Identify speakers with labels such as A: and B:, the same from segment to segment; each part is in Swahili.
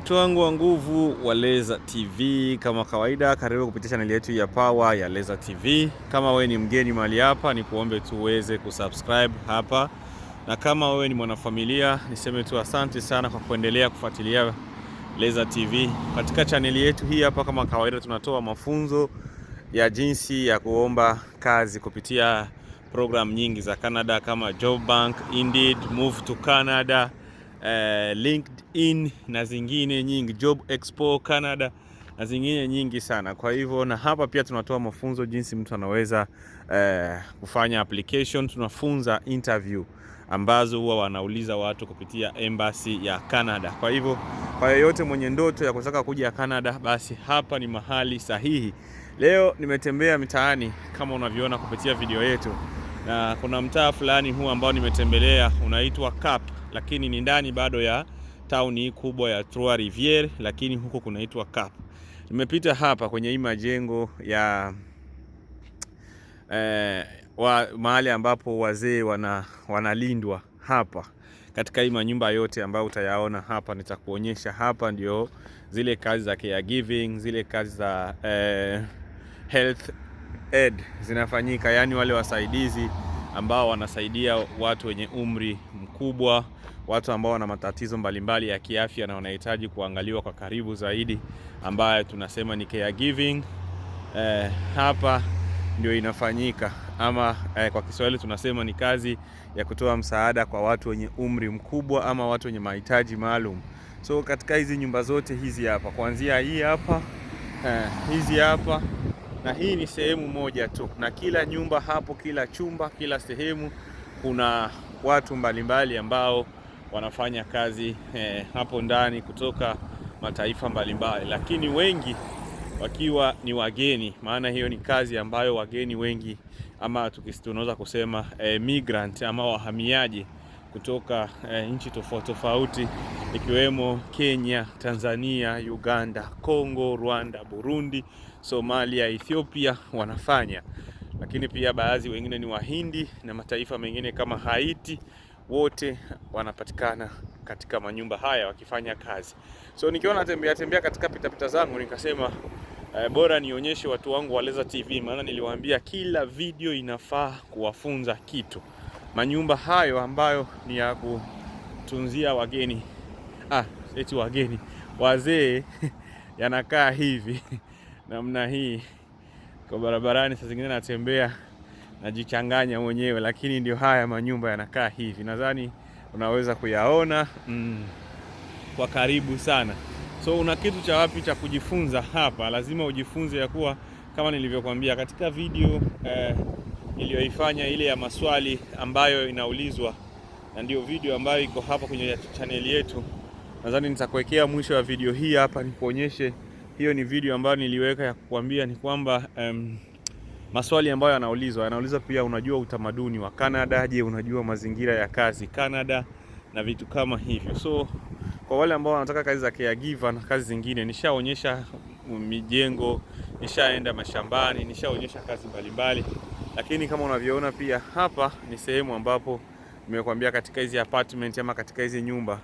A: Watu wangu wa nguvu wa Leza TV, kama kawaida, karibu kupitia chaneli yetu ya Power ya Leza TV. Kama wewe ni mgeni mahali hapa, ni kuombe tu uweze kusubscribe hapa, na kama wewe ni mwanafamilia, niseme tu asante sana kwa kuendelea kufuatilia Leza TV. Katika chaneli yetu hii hapa, kama kawaida, tunatoa mafunzo ya jinsi ya kuomba kazi kupitia programu nyingi za Canada kama Job Bank, Indeed, Move to Canada eh, LinkedIn na zingine nyingi, Job Expo Canada na zingine nyingi sana. Kwa hivyo na hapa pia tunatoa mafunzo jinsi mtu anaweza eh, kufanya application. Tunafunza interview ambazo huwa wanauliza watu kupitia embassy ya Canada. Kwa hivyo kwa yeyote mwenye ndoto ya kutaka kuja Canada, basi hapa ni mahali sahihi. Leo nimetembea mitaani kama unavyoona kupitia video yetu, na kuna mtaa fulani huu ambao nimetembelea unaitwa Cap lakini ni ndani bado ya tauni hii kubwa ya Trois Rivières, lakini huko kunaitwa Cap. Nimepita hapa kwenye hii majengo ya eh, wa, mahali ambapo wazee wana, wanalindwa hapa katika hii manyumba yote ambayo utayaona hapa, nitakuonyesha hapa. Ndio zile kazi za caregiving, zile kazi za eh, health aid zinafanyika, yaani wale wasaidizi ambao wanasaidia watu wenye umri mkubwa watu ambao wana matatizo mbalimbali ya kiafya na wanahitaji kuangaliwa kwa karibu zaidi, ambayo tunasema ni caregiving. Eh, hapa ndio inafanyika ama eh, kwa Kiswahili tunasema ni kazi ya kutoa msaada kwa watu wenye umri mkubwa ama watu wenye mahitaji maalum. So katika hizi nyumba zote hizi hapa, kuanzia hii hapa eh, hizi hapa na hii ni sehemu moja tu, na kila nyumba hapo, kila chumba, kila sehemu kuna watu mbalimbali ambao wanafanya kazi eh, hapo ndani kutoka mataifa mbalimbali, lakini wengi wakiwa ni wageni, maana hiyo ni kazi ambayo wageni wengi ama tunaweza kusema eh, migrant ama wahamiaji kutoka eh, nchi tofauti tofauti ikiwemo Kenya, Tanzania, Uganda, Kongo, Rwanda, Burundi, Somalia, Ethiopia wanafanya, lakini pia baadhi wengine ni Wahindi na mataifa mengine kama Haiti wote wanapatikana katika manyumba haya wakifanya kazi. So nikiona natembea tembea katika pitapita zangu nikasema eh, bora nionyeshe watu wangu wa Leza TV, maana niliwaambia kila video inafaa kuwafunza kitu. Manyumba hayo ambayo ni ya kutunzia wageni ah, eti wageni wazee yanakaa hivi namna hii, kwa barabarani saa zingine natembea najichanganya mwenyewe, lakini ndio haya manyumba yanakaa hivi. Nadhani unaweza kuyaona mm, kwa karibu sana. So una kitu cha wapi cha kujifunza hapa, lazima ujifunze ya kuwa kama nilivyokuambia katika video eh, iliyoifanya ile ya maswali ambayo inaulizwa, na ndio video ambayo iko hapa kwenye channel yetu. Nadhani nitakuwekea mwisho wa video hii hapa nikuonyeshe. Hiyo ni video ambayo niliweka ya kukuambia ni kwamba um, maswali ambayo yanaulizwa yanaulizwa pia, unajua utamaduni wa Canada? Je, unajua mazingira ya kazi Canada na vitu kama hivyo. So kwa wale ambao wanataka kazi za caregiver na kazi zingine, nishaonyesha mijengo, nishaenda mashambani, nishaonyesha kazi mbalimbali, lakini kama unavyoona pia hapa ni sehemu ambapo nimekuambia katika hizi apartment ama katika hizi nyumba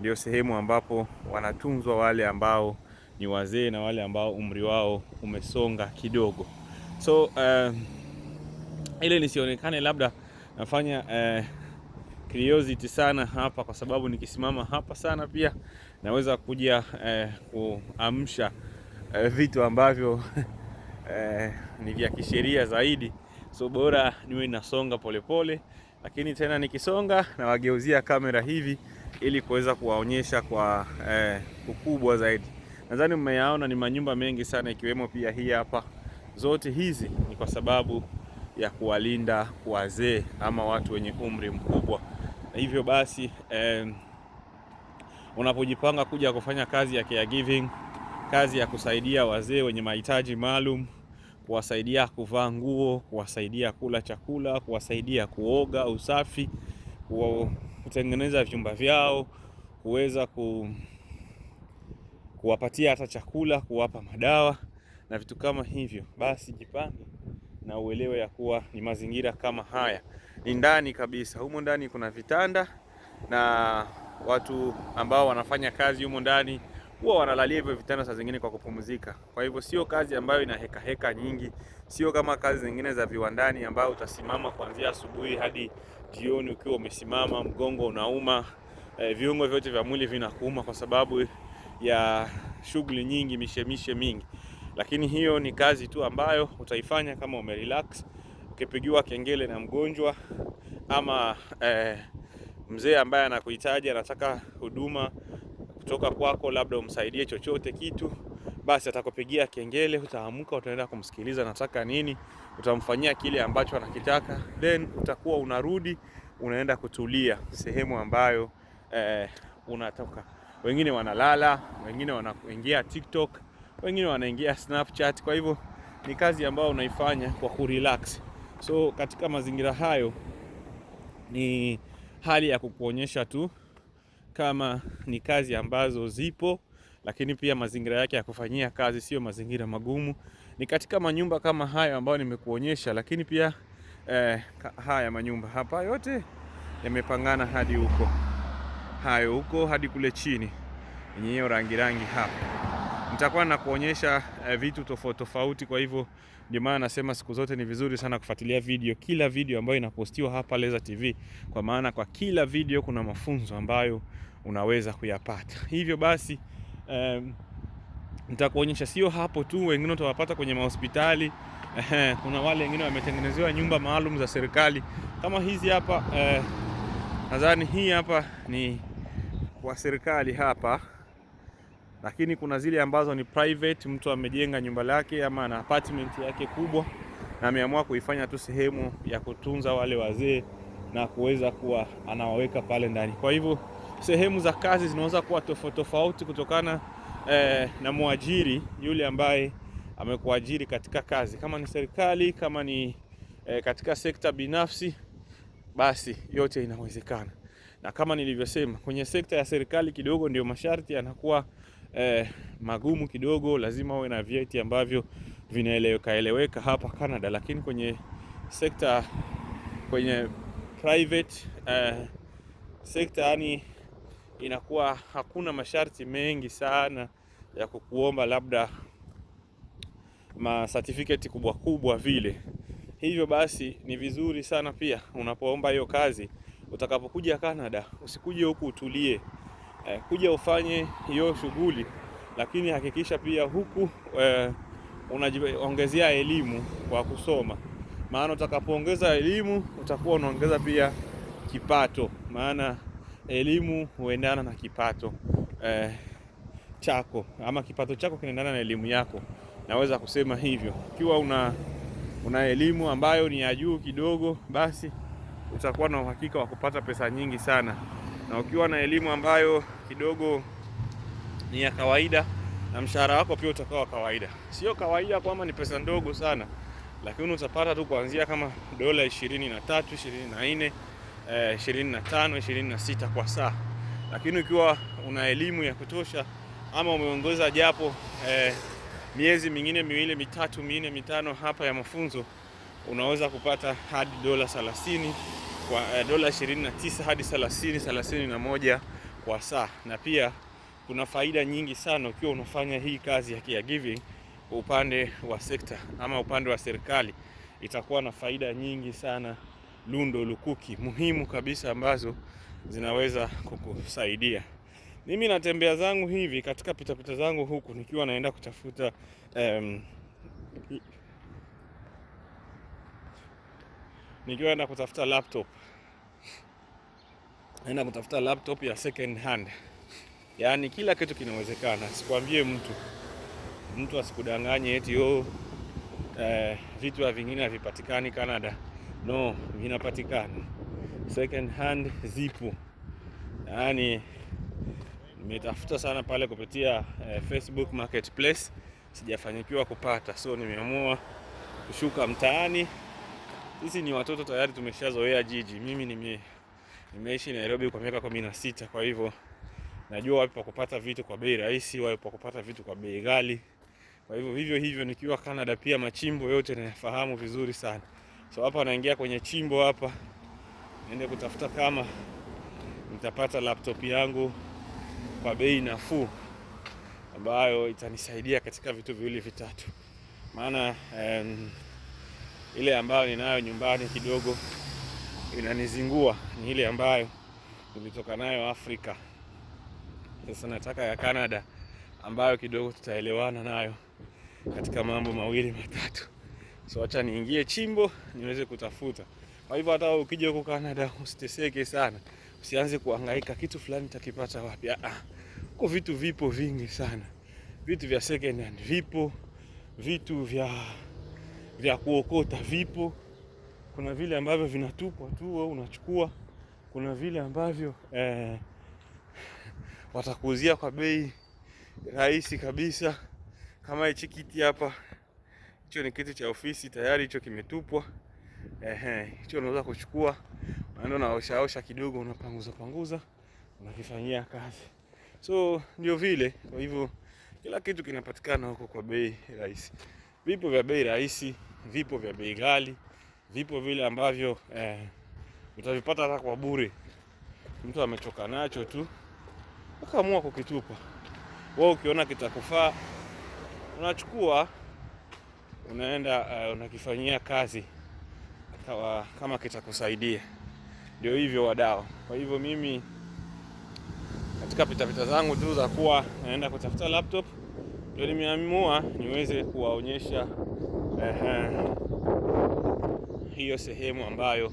A: ndio sehemu ambapo wanatunzwa wale ambao ni wazee na wale ambao umri wao umesonga kidogo. So uh, eh, ile nisionekane labda nafanya uh, curiosity sana hapa, kwa sababu nikisimama hapa sana pia naweza kuja uh, kuamsha uh, vitu ambavyo uh, ni vya kisheria zaidi, so bora niwe nasonga polepole pole, lakini tena nikisonga nawageuzia kamera hivi ili kuweza kuwaonyesha kwa eh, ukubwa zaidi. Nadhani mmeyaona ni manyumba mengi sana ikiwemo pia hii hapa Zote hizi ni kwa sababu ya kuwalinda wazee ama watu wenye umri mkubwa, na hivyo basi eh, unapojipanga kuja kufanya kazi ya caregiving, kazi ya kusaidia wazee wenye mahitaji maalum, kuwasaidia kuvaa nguo, kuwasaidia kula chakula, kuwasaidia kuoga, usafi, kutengeneza vyumba vyao, kuweza ku, kuwapatia hata chakula, kuwapa madawa na vitu kama hivyo, basi jipange na uelewe ya kuwa ni mazingira kama haya ni ndani kabisa. Humo ndani kuna vitanda na watu ambao wanafanya kazi humo ndani huwa wanalalia hivyo vitanda saa zingine kwa kupumzika. Kwa hivyo sio kazi ambayo ina heka heka nyingi, sio kama kazi zingine za viwandani ambayo utasimama kuanzia asubuhi hadi jioni ukiwa umesimama, mgongo unauma, e, viungo vyote vya mwili vinakuuma kwa sababu ya shughuli nyingi, mishemishe mingi lakini hiyo ni kazi tu ambayo utaifanya kama umerelax, ukipigiwa kengele na mgonjwa ama eh, mzee ambaye anakuhitaji anataka huduma kutoka kwako, labda umsaidie chochote kitu, basi atakupigia kengele, utaamka utaenda kumsikiliza anataka nini, utamfanyia kile ambacho anakitaka, then utakuwa unarudi unaenda kutulia sehemu ambayo eh, unatoka. Wengine wanalala, wengine wanaingia TikTok wengine wanaingia Snapchat. Kwa hivyo ni kazi ambayo unaifanya kwa kurelax. So katika mazingira hayo ni hali ya kukuonyesha tu kama ni kazi ambazo zipo, lakini pia mazingira yake ya kufanyia kazi sio mazingira magumu. Ni katika manyumba kama hayo ambayo nimekuonyesha, lakini pia eh, haya manyumba hapa yote yamepangana hadi huko, hayo huko hadi kule chini yenyeyo rangi rangi hapa nitakuwa nakuonyesha eh, vitu tofauti tofauti. Kwa hivyo ndio maana nasema siku zote ni vizuri sana kufuatilia video, kila video ambayo inapostiwa hapa Leza TV, kwa maana kwa kila video kuna mafunzo ambayo unaweza kuyapata. Hivyo basi um, nitakuonyesha sio hapo tu, wengine utawapata kwenye mahospitali. Eh, kuna wale wengine wametengenezewa nyumba maalum za serikali kama hizi hapa eh, nadhani hii hapa ni kwa serikali hapa lakini kuna zile ambazo ni private, mtu amejenga nyumba lake ama ana apartment yake kubwa na ameamua kuifanya tu sehemu ya kutunza wale wazee na kuweza kuwa anawaweka pale ndani. Kwa hivyo sehemu za kazi zinaweza kuwa tofauti tofauti kutokana eh, na mwajiri yule ambaye amekuajiri katika kazi, kama ni serikali, kama ni eh, katika sekta binafsi, basi yote inawezekana. Na kama nilivyosema, kwenye sekta ya serikali kidogo ndio masharti yanakuwa eh, magumu kidogo, lazima uwe na vyeti ambavyo vinaeleweka eleweka hapa Canada, lakini kwenye sekta kwenye private eh, sekta yani inakuwa hakuna masharti mengi sana ya kukuomba labda ma certificate kubwa kubwa vile. Hivyo basi ni vizuri sana pia unapoomba hiyo kazi utakapokuja Canada usikuje huku utulie eh, kuja ufanye hiyo shughuli, lakini hakikisha pia huku eh, unajiongezea elimu kwa kusoma, maana utakapoongeza elimu utakuwa unaongeza pia kipato, maana elimu huendana na kipato eh, chako ama kipato chako kinaendana na elimu yako, naweza kusema hivyo. Ukiwa una, una elimu ambayo ni ya juu kidogo, basi utakuwa na uhakika wa kupata pesa nyingi sana na ukiwa na elimu ambayo kidogo ni ya kawaida na mshahara wako pia utakuwa wa kawaida. Sio kawaida kwamba ni pesa ndogo sana, lakini utapata tu kuanzia kama dola 23, 24, 25, 26 kwa saa. Lakini ukiwa una elimu ya kutosha ama umeongoza japo eh, miezi mingine miwili mitatu minne mitano hapa ya mafunzo, unaweza kupata hadi dola 30 kwa eh, dola 29 hadi 30 31 kwa saa, na pia kuna faida nyingi sana ukiwa unafanya hii kazi ya giving kwa upande wa sekta ama upande wa serikali, itakuwa na faida nyingi sana lundo lukuki muhimu kabisa ambazo zinaweza kukusaidia. Mimi natembea zangu hivi katika pitapita zangu huku nikiwa naenda kutafuta um, nikiwa naenda kutafuta laptop naenda kutafuta laptop ya second hand. Yaani kila kitu kinawezekana, sikwambie mtu mtu asikudanganye eti yo oh, eh, vitu vingine havipatikani Canada. No, vinapatikana, second hand zipo. Yaani nimetafuta sana pale kupitia eh, Facebook Marketplace sijafanikiwa kupata, so nimeamua kushuka mtaani. Sisi ni watoto tayari, tumeshazoea jiji. Mimi nime Nimeishi Nairobi kwa miaka kumi na sita, kwa hivyo najua wapi pa kupata vitu kwa bei rahisi, wapi pa kupata vitu kwa bei ghali. Kwa hivyo vivyo hivyo nikiwa Canada pia machimbo yote nayafahamu vizuri sana. So hapa naingia kwenye chimbo hapa, niende kutafuta kama nitapata laptop yangu kwa bei nafuu ambayo itanisaidia katika vitu viwili vitatu, maana um, ile ambayo ninayo nyumbani kidogo inanizingua ni ile ambayo nilitoka nayo Afrika. Sasa nataka ya Canada ambayo kidogo tutaelewana nayo katika mambo mawili matatu. So acha niingie chimbo niweze kutafuta. Kwa hivyo hata ukija huko Canada usiteseke sana, usianze kuhangaika kitu fulani takipata wapi. Ah, ah, huko vitu vipo vingi sana, vitu vya second hand vipo, vitu vya vya kuokota vipo kuna vile ambavyo vinatupwa tu wewe unachukua, kuna vile ambavyo eh, watakuuzia kwa bei rahisi kabisa, kama hichi kiti hapa. Hicho ni kiti cha ofisi tayari, hicho kimetupwa. Ehe, hicho unaweza kuchukua, unaenda unaoshaosha kidogo, unapanguza panguza, unakifanyia kazi. So ndio vile. Kwa hivyo kila kitu kinapatikana huko kwa bei rahisi. Vipo vya bei rahisi, vipo vya bei ghali vipo vile ambavyo eh, utavipata hata kwa bure, mtu amechoka nacho tu akaamua kukitupa. Wewe ukiona kitakufaa unachukua unaenda, uh, unakifanyia kazi kawa, kama kitakusaidia. Ndio hivyo wadau. Kwa hivyo mimi katika pitapita zangu tu za kuwa naenda kutafuta laptop ndio nimeamua niweze kuwaonyesha eh, eh, hiyo sehemu ambayo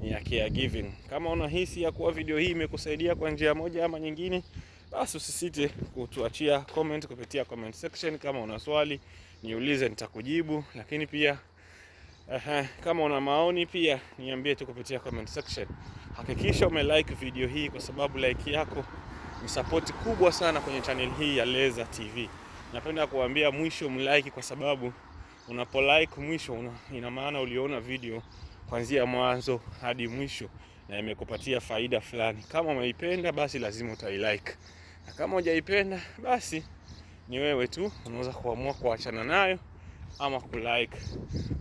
A: ni ya caregiving. Kama unahisi ya kuwa video hii imekusaidia kwa njia moja ama nyingine, basi usisite kutuachia comment kupitia comment section. Kama una swali niulize, nitakujibu. Lakini pia aha, kama una maoni pia niambie tu kupitia comment section. Hakikisha ume like video hii kwa sababu like yako ni support kubwa sana kwenye channel hii ya Leza TV. Napenda kuambia mwisho mlike kwa sababu unapolike mwisho una, ina maana uliona video kuanzia mwanzo hadi mwisho na imekupatia faida fulani. Kama umeipenda basi lazima utailike, na kama hujaipenda basi ni wewe tu unaweza kuamua kuachana nayo ama kulike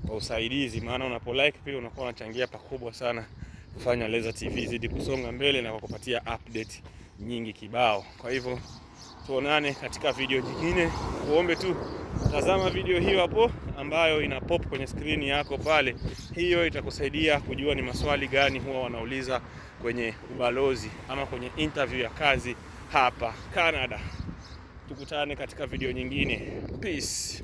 A: kwa usaidizi, maana unapo like pia unakuwa unachangia pakubwa sana kufanya Leza TV zidi kusonga mbele na kukupatia update nyingi kibao. Kwa hivyo tuonane katika video nyingine, kuombe tu tazama video hiyo hapo ambayo ina pop kwenye skrini yako pale. Hiyo itakusaidia kujua ni maswali gani huwa wanauliza kwenye ubalozi ama kwenye interview ya kazi hapa Canada. Tukutane katika video nyingine. Peace.